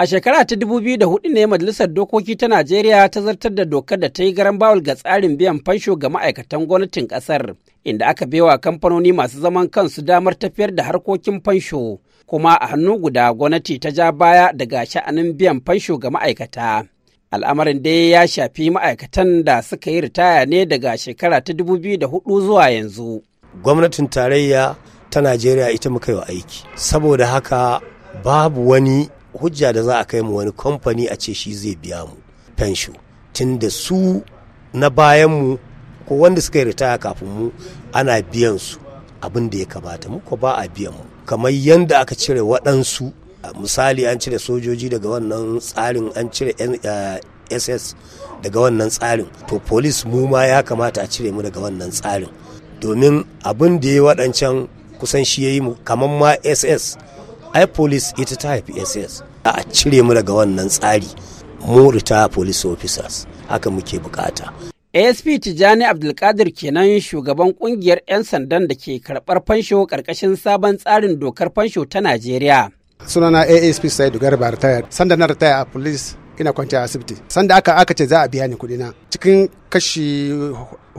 A shekara ta 2004 ne Majalisar Dokoki ta Najeriya ta zartar da dokar da ta yi garan bawul ga tsarin biyan fansho ga ma'aikatan gwamnatin ƙasar, inda aka baiwa kamfanoni masu zaman kansu damar tafiyar da harkokin fansho, kuma a hannu guda gwamnati ta ja baya daga sha'anin biyan fansho ga ma'aikata. Al'amarin dai ya shafi ma'aikatan da suka yi ritaya ne daga shekara ta 2004 zuwa yanzu. Gwamnatin tarayya ta Najeriya ita muka yi aiki, saboda haka babu wani hujja da za a kai mu wani kamfani a ce shi zai biya mu fensho tunda su na bayan mu ko wanda suka yi ritaya kafin mu ana biyan su abin da ya kamata mu ko ba a biyan mu kamar yadda aka cire waɗansu misali an cire sojoji daga wannan tsarin an cire ss eh, daga wannan tsarin to polis mu ma ya kamata a cire mu daga wannan tsarin domin abin da ya waɗancan kusan shi ya yi mu kamar ma ss ai police ita ta haifi ss a cire mu daga wannan tsari mu rita police officers haka muke bukata asp tijjani abdulkadir kenan shugaban kungiyar 'yan sandan da ke karɓar fansho ƙarƙashin sabon tsarin dokar fansho ta najeriya sunana asp saidu garba Taya sanda na ritaya a police ina kwanciya asibiti sanda aka aka ce za a biya ni kuɗi na cikin kashi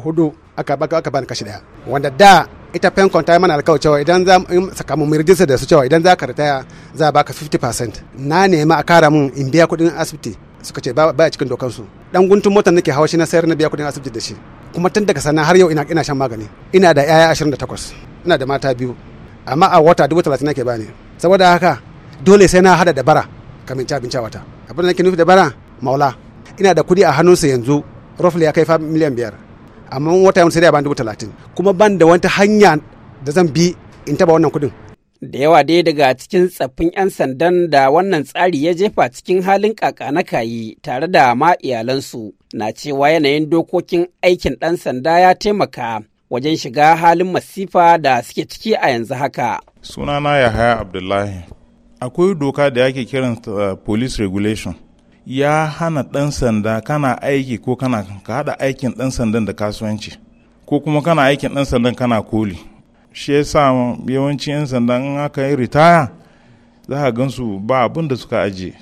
hudu aka baka aka bani kashi daya wanda da ita pencon kwanta mana alkawar cewa idan za mu saka mu rijista da su cewa idan za ka ritaya za a baka 50% na nema a kara mun in biya kudin asibiti suka ce ba cikin dokan su dan guntun motar nake hawa shi na sayar na biya kudin asibiti da shi kuma tun daga sana har yau ina ina shan magani ina da yaya 28 ina da mata biyu amma a wata dubu nake bani saboda haka dole sai na hada da bara kamin ci abinci a wata abin da nake nufi da bara maula ina da kudi a hannunsa yanzu roughly ya kai fa miliyan biyar amma wata yawan sai dai ban dubu talatin kuma ban da wata hanya da zan bi in taba wannan kuɗin. da yawa dai daga cikin tsaffin 'yan sandan da wannan tsari ya jefa cikin halin kaka na kayi tare da ma iyalansu na cewa yanayin dokokin aikin ɗan sanda ya taimaka wajen shiga halin masifa da suke ciki a yanzu haka. sunana yahaya abdullahi akwai doka da yake kiran eh, police regulation ya hana ɗan sanda kana aiki ko kana ka haɗa aikin ɗan sandan da kasuwanci ko kuma kana aikin ɗan sandan kana koli shi ya sa yawanci 'yan sanda in aka yi ritaya za ka gansu ba abin da suka ajiye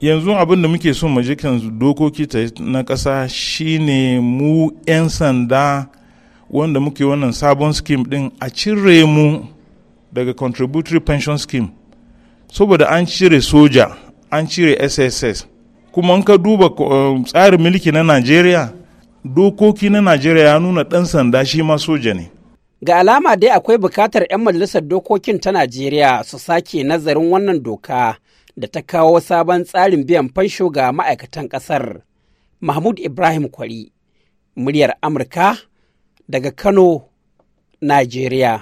yanzu abin da muke so majikan dokoki na ƙasa shine mu 'yan sanda wanda muke wannan sabon skim din a cire mu daga contributory pension scheme saboda an cire soja an cire sss kuma ka duba eh, tsarin mulki na najeriya dokoki na najeriya ya nuna ɗan sanda shi ma soja ne ga alama dai akwai bukatar 'yan majalisar dokokin ta najeriya su sake nazarin wannan doka da ta kawo sabon tsarin biyan fansho ga ma'aikatan ƙasar mahmud ibrahim kwari muryar amurka daga kano najeriya